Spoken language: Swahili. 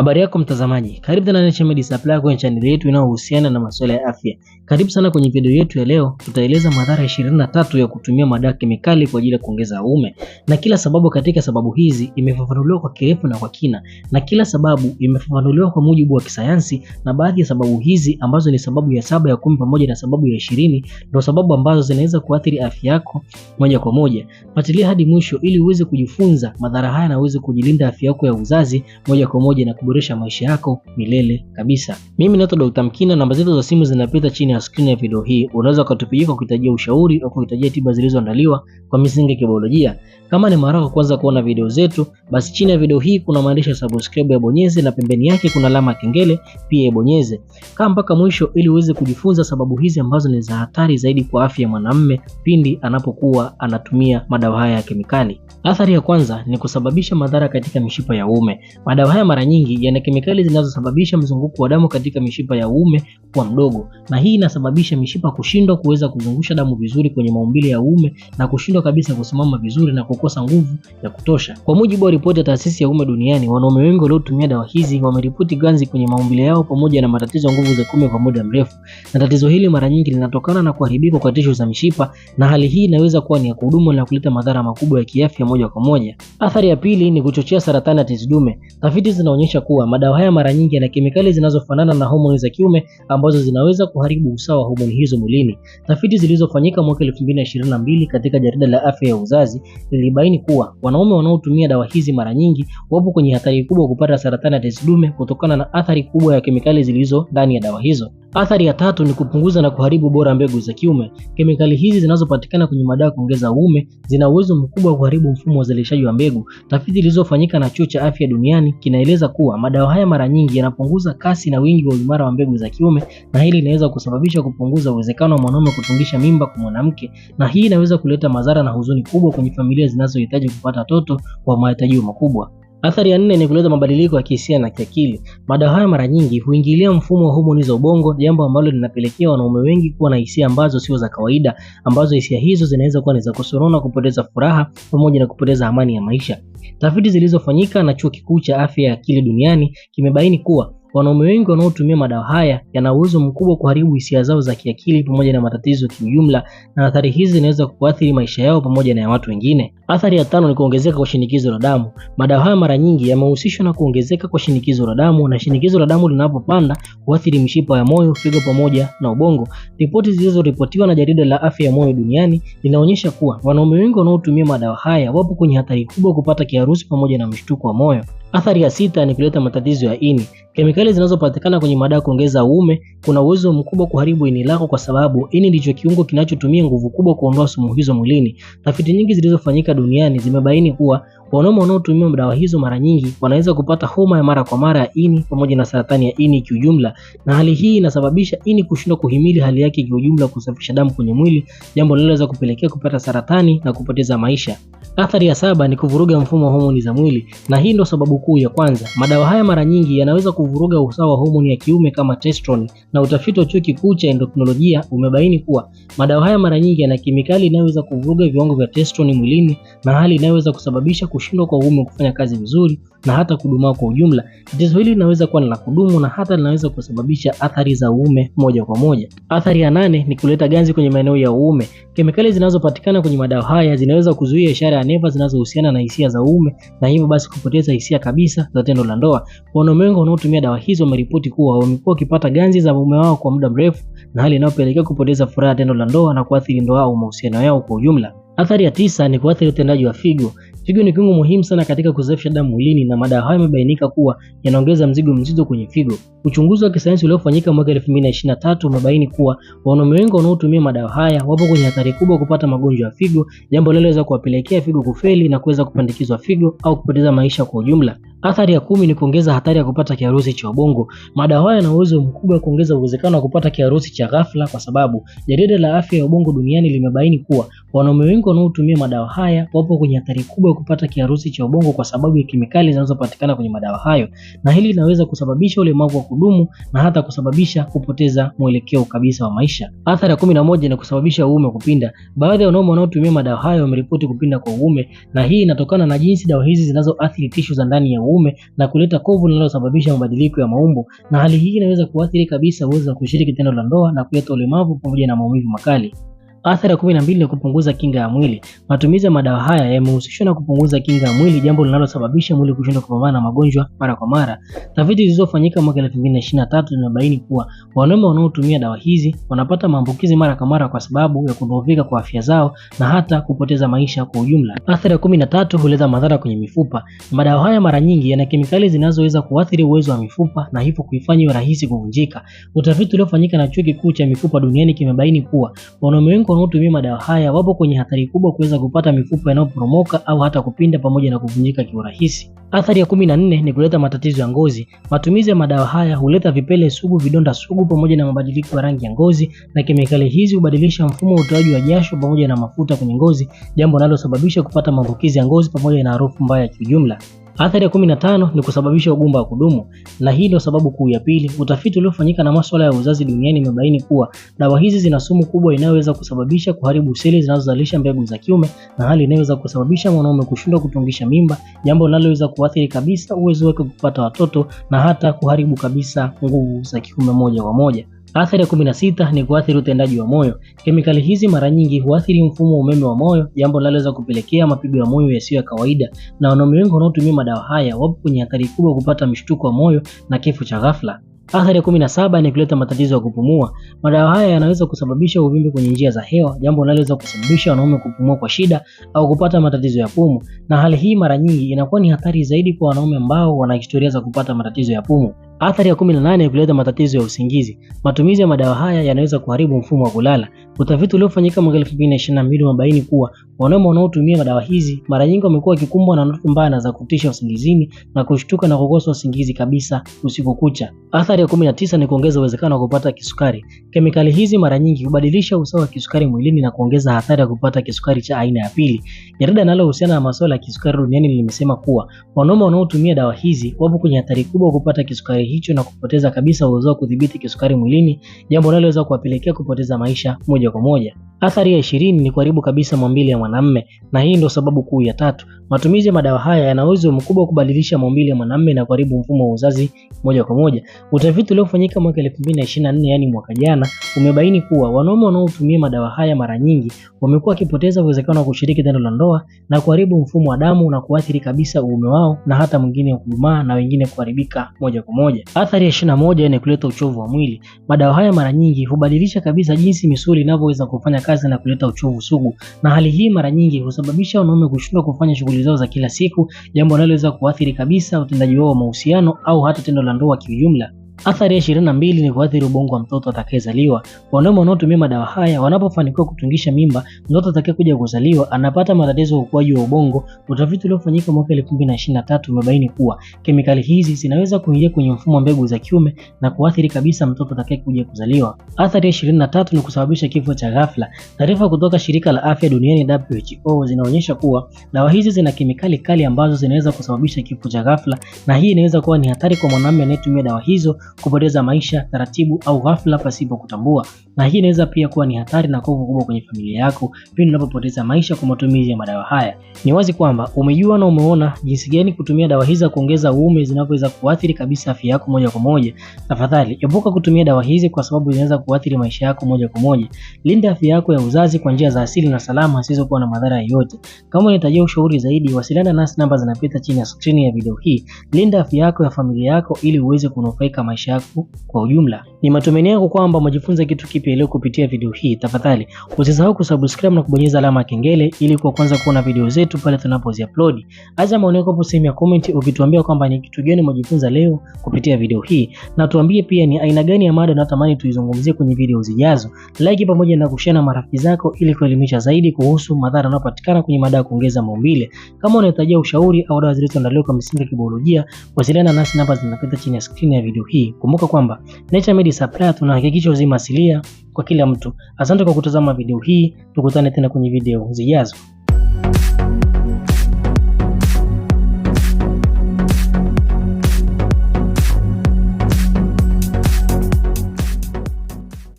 Habari yako mtazamaji, karibu tena Naturemed Supply kwenye chaneli yetu inayohusiana na masuala ya afya. Karibu sana kwenye video yetu ya leo, tutaeleza madhara 23 ya kutumia madawa kemikali kwa ajili ya kuongeza uume, na kila sababu katika sababu hizi imefafanuliwa kwa kirefu na kwa kina, na kila sababu imefafanuliwa kwa mujibu wa kisayansi, na baadhi ya sababu hizi ambazo ni sababu ya saba, ya kumi pamoja na sababu ya ishirini ndio sababu ambazo zinaweza kuathiri afya yako moja kwa moja. Fuatilia hadi mwisho ili uweze kujifunza madhara haya na uweze kujilinda afya yako ya uzazi moja kwa moja na kubu kuboresha maisha yako milele kabisa. Mimi naitwa Dr. Mkina, namba zetu za simu zinapita chini ya skrini ya video hii. Unaweza ukatupigia kwa kuhitajia ushauri au kuhitajia tiba zilizoandaliwa kwa misingi ya kibiolojia. Kama ni mara yako kwanza kuona video zetu, basi chini ya video hii kuna maandishi ya subscribe ya bonyeze, na pembeni yake kuna alama ya kengele pia ibonyeze. Kaa mpaka mwisho ili uweze kujifunza sababu hizi ambazo ni za hatari zaidi kwa afya ya mwanamume pindi anapokuwa anatumia madawa haya ya kemikali. Athari ya kwanza ni kusababisha madhara katika mishipa ya uume. Madawa haya mara nyingi yana kemikali zinazosababisha mzunguko wa damu katika mishipa ya uume kuwa mdogo, na hii inasababisha mishipa kushindwa kuweza kuzungusha damu vizuri kwenye maumbile ya uume na kushindwa kabisa kusimama vizuri na kukosa nguvu ya kutosha. Kwa mujibu wa ripoti ya taasisi ya uume duniani, wanaume wengi waliotumia dawa hizi wameripoti ganzi kwenye maumbile yao pamoja na matatizo ya nguvu za kiume kwa muda mrefu, na tatizo hili mara nyingi linatokana na kuharibika kwa tishu za mishipa, na hali hii inaweza kuwa ni ya kudumu na kuleta madhara makubwa ya kiafya moja kwa moja. Athari ya pili ni kuchochea saratani ya tezi dume. Tafiti zinaonyesha kuwa madawa haya mara nyingi yana kemikali zinazofanana na homoni za kiume ambazo zinaweza kuharibu usawa wa homoni hizo mwilini. Tafiti zilizofanyika mwaka 2022 katika jarida la afya ya uzazi lilibaini kuwa wanaume wanaotumia dawa hizi mara nyingi wapo kwenye hatari kubwa kupata saratani ya tezi dume kutokana na athari kubwa ya kemikali zilizo ndani ya dawa hizo. Athari ya tatu ni kupunguza na kuharibu bora mbegu za kiume. Kemikali hizi zinazopatikana kwenye madawa kuongeza uume zina uwezo mkubwa wa kuharibu mfumo wa uzalishaji wa mbegu, tafiti zilizofanyika na Chuo cha Afya Duniani kinaeleza kuwa madawa haya mara nyingi yanapunguza kasi na wingi wa uimara wa mbegu za kiume, na hili linaweza kusababisha kupunguza uwezekano wa mwanaume kutungisha mimba kwa mwanamke, na hii inaweza kuleta madhara na huzuni kubwa kwenye familia zinazohitaji kupata watoto kwa mahitaji makubwa. Athari ya nne ni kuleta mabadiliko ya kihisia na kiakili. Madawa haya mara nyingi huingilia mfumo wa homoni za ubongo, jambo ambalo linapelekea wanaume wengi kuwa na hisia ambazo sio za kawaida, ambazo hisia hizo zinaweza kuwa ni za kusorona, kupoteza furaha pamoja na kupoteza amani ya maisha. Tafiti zilizofanyika na Chuo Kikuu cha Afya ya Akili Duniani kimebaini kuwa Wanaume wengi wanaotumia madawa haya yana uwezo mkubwa kuharibu hisia zao za kiakili pamoja na matatizo kiujumla, na athari hizi zinaweza kuathiri maisha yao pamoja na ya watu wengine. Athari ya tano ni kuongezeka kwa shinikizo la damu. Madawa haya mara nyingi yamehusishwa na kuongezeka kwa shinikizo la damu, na shinikizo la damu linapopanda huathiri mshipa ya moyo, figo pamoja na ubongo. Ripoti zilizoripotiwa na jarida la afya ya moyo duniani linaonyesha kuwa wanaume wengi wanaotumia madawa haya wapo kwenye hatari kubwa kupata kiharusi pamoja na mshtuko wa moyo. Athari ya sita ni kuleta matatizo ya ini. Kemikali zinazopatikana kwenye madawa kuongeza uume, kuna uwezo mkubwa kuharibu ini lako, kwa sababu ini ndicho kiungo kinachotumia nguvu kubwa kuondoa sumu hizo mwilini. Tafiti nyingi zilizofanyika duniani zimebaini kuwa wanaume wanaotumia dawa hizo mara nyingi wanaweza kupata homa ya mara kwa mara ya ini pamoja na saratani ya ini kiujumla, na hali hii inasababisha ini kushindwa kuhimili hali yake kiujumla, kusafisha damu kwenye mwili, jambo linaloweza kupelekea kupata saratani na kupoteza maisha. Athari ya saba ni kuvuruga mfumo wa homoni za mwili, na hii ndo sababu kuu ya kwanza. Madawa haya mara nyingi yanaweza kuvuruga usawa wa homoni ya kiume kama testosterone, na utafiti wa chuo kikuu cha endokrinolojia umebaini kuwa madawa haya mara nyingi yana kemikali inayoweza kuvuruga viwango vya testosterone mwilini, na hali inayoweza kusababisha kushindwa kwa uume kufanya kazi vizuri na hata kudumaa kwa ujumla. Tatizo hili linaweza kuwa la kudumu na hata linaweza kusababisha athari za uume moja kwa moja. Athari ya nane ni kuleta ganzi kwenye maeneo ya uume. Kemikali zinazopatikana kwenye madawa haya zinaweza kuzuia ishara ya neva zinazohusiana na hisia za uume na hivyo basi kupoteza hisia kabisa za tendo la ndoa. Wanaume wengi wanaotumia dawa hizo wameripoti kuwa wamekuwa wakipata ganzi za uume wao kwa muda mrefu, na hali inayopelekea kupoteza furaha tendo la ndoa na kuathiri ndoa au mahusiano yao kwa ujumla. Athari ya tisa ni kuathiri utendaji wa figo. Figo ni kiungo muhimu sana katika kuzalisha damu mwilini na madawa hayo yamebainika kuwa yanaongeza mzigo mzito kwenye figo. Uchunguzi wa kisayansi uliofanyika mwaka 2023 umebaini kuwa wengi wanaotumia madawa haya wapo kwenye hatari kubwa kupata magonjwa ya figo, jambo linaloweza kuwapelekea figo kufeli na kuweza kupandikizwa figo au kupoteza maisha kwa ujumla. Athari ya kumi ni kuongeza hatari ya kupata kiharusi cha ubongo. Madawa haya yana uwezo mkubwa wa kuongeza uwezekano wa kupata kiharusi cha ghafla, kwa sababu jarida la afya ya ubongo duniani limebaini kuwa Wanaume wengi wanaotumia madawa haya wapo kwenye hatari kubwa ya kupata kiharusi cha ubongo kwa sababu ya kemikali zinazopatikana kwenye madawa hayo, na hili linaweza kusababisha ulemavu wa kudumu na hata kusababisha kupoteza mwelekeo kabisa wa maisha. Athari ya kumi na moja ni kusababisha uume kupinda. Baadhi ya wanaume wanaotumia madawa hayo wameripoti kupinda kwa uume, na hii inatokana na jinsi dawa hizi zinazoathiri tishu za ndani ya uume na kuleta kovu linalosababisha mabadiliko ya maumbo, na hali hii inaweza kuathiri kabisa uwezo wa kushiriki tendo la ndoa na kuleta ulemavu pamoja na maumivu makali. Athari ya 12 ni kupunguza kinga ya mwili. Matumizi ya madawa haya yamehusishwa na kupunguza kinga ya mwili, jambo linalosababisha mwili kushindwa kupambana na magonjwa mara kwa mara. Tafiti zilizofanyika mwaka 2023 zinabaini kuwa wanaume wanaotumia dawa hizi wanapata maambukizi mara kwa mara kwa sababu ya kudhoofika kwa afya zao na hata kupoteza maisha kwa ujumla. Athari ya 13 huleta madhara kwenye mifupa. Madawa haya mara nyingi yana kemikali zinazoweza kuathiri uwezo wa mifupa na hivyo kuifanya iwe rahisi kuvunjika. Utafiti uliofanyika na Chuo Kikuu cha Mifupa Duniani kimebaini kuwa wanaume wengi watu wanaotumia madawa haya wapo kwenye hatari kubwa kuweza kupata mifupa inayoporomoka au hata kupinda pamoja na kuvunjika kiurahisi. Athari ya kumi na nne ni kuleta matatizo ya ngozi. Matumizi ya madawa haya huleta vipele sugu, vidonda sugu, pamoja na mabadiliko ya rangi ya ngozi, na kemikali hizi hubadilisha mfumo wa utoaji wa jasho pamoja na mafuta kwenye ngozi, jambo linalosababisha kupata maambukizi ya ngozi pamoja na harufu mbaya ya kiujumla. Athari ya kumi na tano ni kusababisha ugumba wa kudumu, na hii ndio sababu kuu ya pili. Utafiti uliofanyika na masuala ya uzazi duniani imebaini kuwa dawa hizi zina sumu kubwa inayoweza kusababisha kuharibu seli zinazozalisha mbegu za kiume, na hali inayoweza kusababisha mwanaume kushindwa kutungisha mimba, jambo linaloweza kuathiri kabisa uwezo wake kupata watoto na hata kuharibu kabisa nguvu za kiume moja kwa moja. Athari ya kumi ni kuathiri utendaji wa moyo. Kemikali hizi mara nyingi huathiri mfumo wa umeme wa moyo, jambo linaloweza kupelekea mapigo ya moyo yasiyo ya kawaida, na wanaume wengi wanaotumia madawa haya wapo kwenye hatari kubwa kupata mshtuko wa moyo na kifo cha ghafla. Athari ya 17 ni kuleta matatizo ya kupumua. Madawa haya yanaweza kusababisha uvimbe kwenye njia za hewa, jambo linaloweza kusababisha wanaume kupumua kwa shida au kupata matatizo ya pumu, na hali hii mara nyingi inakuwa ni hatari zaidi kwa wanaume ambao wana historia za kupata matatizo ya pumu. Athari ya 18 kuleta matatizo ya usingizi. Matumizi ya madawa haya yanaweza kuharibu mfumo wa kulala. Utafiti uliofanyika mwaka 2022 umebaini kuwa wanaume wanaotumia madawa hizi mara nyingi wamekuwa wakikumbwa na ndoto mbaya za kutisha usingizini na kushtuka na kukosa usingizi kabisa usiku kucha. Athari ya 19 ni kuongeza uwezekano wa kupata kisukari. Kemikali hizi mara nyingi hubadilisha usawa wa kisukari mwilini na kuongeza hatari ya kupata kisukari cha aina ya pili. Jarida linalohusiana na masuala ya kisukari duniani limesema kuwa wanaume wanaotumia dawa hizi wapo kwenye hatari kubwa kupata kisukari hicho na kupoteza kabisa uwezo wa kudhibiti kisukari mwilini, jambo linaloweza kuwapelekea kupoteza maisha moja kwa moja. Athari ya ishirini ni kuharibu kabisa maumbile ya mwanamume, na hii ndio sababu kuu ya tatu. Matumizi ya madawa haya yana uwezo mkubwa wa kubadilisha maumbile ya mwanamume na kuharibu mfumo wa uzazi moja kwa moja. Utafiti uliofanyika mwaka 2024, yani mwaka jana, umebaini kuwa wanaume wanaotumia madawa haya mara nyingi wamekuwa wakipoteza uwezekano wa kushiriki tendo la ndoa na kuharibu mfumo wa damu na kuathiri kabisa uume wao na hata mwingine kudumaa na wengine kuharibika moja kwa moja. Athari ya 21 ni kuleta uchovu wa mwili. Madawa haya mara nyingi hubadilisha kabisa jinsi misuli inavyoweza kufanya kazi na kuleta uchovu sugu, na hali hii mara nyingi husababisha wanaume kushindwa kufanya shughuli zao za kila siku, jambo linaloweza kuathiri kabisa utendaji wao wa mahusiano au hata tendo la ndoa kiujumla. Athari ya ishirini na mbili ni kuathiri ubongo wa mtoto atakayezaliwa. Wanaume wanaotumia madawa haya wanapofanikiwa kutungisha mimba, mtoto atakayekuja kuzaliwa anapata matatizo ya ukuaji wa ubongo. Utafiti uliofanyika mwaka 2023 umebaini kuwa kemikali hizi zinaweza kuingia kwenye mfumo wa mbegu za kiume na kuathiri kabisa mtoto atakayekuja kuzaliwa. Athari ya ishirini na tatu ni kusababisha kifo cha ghafla. Taarifa kutoka shirika la afya duniani WHO zinaonyesha kuwa dawa hizi zina kemikali kali ambazo zinaweza kusababisha kifo cha ghafla, na hii inaweza kuwa ni hatari kwa mwanamume anayetumia dawa hizo kupoteza maisha taratibu au ghafla pasipo kutambua, na hii inaweza pia kuwa ni hatari na kovu kubwa kwenye familia yako pindi unapopoteza maisha kwa matumizi ya madawa haya. Ni wazi kwamba umejua na umeona jinsi gani kutumia dawa hizi za kuongeza uume zinavyoweza kuathiri kabisa afya yako moja kwa moja. Tafadhali epuka kutumia dawa hizi kwa sababu zinaweza kuathiri maisha yako moja kwa moja. Linda afya yako ya uzazi kwa njia za asili na salama zisizokuwa na madhara yoyote. Kama unahitaji ushauri zaidi, wasiliana nasi, namba zinapita chini ya skrini ya video hii. Linda afya yako ya familia yako ili uweze kunufaika maisha maisha yako kwa ujumla. Ni matumaini yangu kwamba umejifunza kitu kipya leo kupitia video hii. Tafadhali usisahau kusubscribe na kubonyeza alama ya kengele ili kwa kwanza kuona video zetu pale tunapozi upload. Acha maoni yako hapo sehemu ya comment ukituambia kwamba ni kitu gani umejifunza leo kupitia video hii, na tuambie pia ni aina gani ya mada unatamani tuizungumzie kwenye video zijazo. Like pamoja na kushare na marafiki zako ili kuelimisha zaidi kuhusu madhara yanayopatikana kwenye mada ya kuongeza maumbile. Kama unahitaji ushauri au dawa zilizoandaliwa kwa misingi ya kibiolojia, wasiliana nasi, namba zinapita chini ya screen ya video hii. Kumbuka kwamba Naturemed Supplies tunahakikisha uzima asilia kwa kila mtu. Asante kwa kutazama video hii, tukutane tena kwenye video zijazo.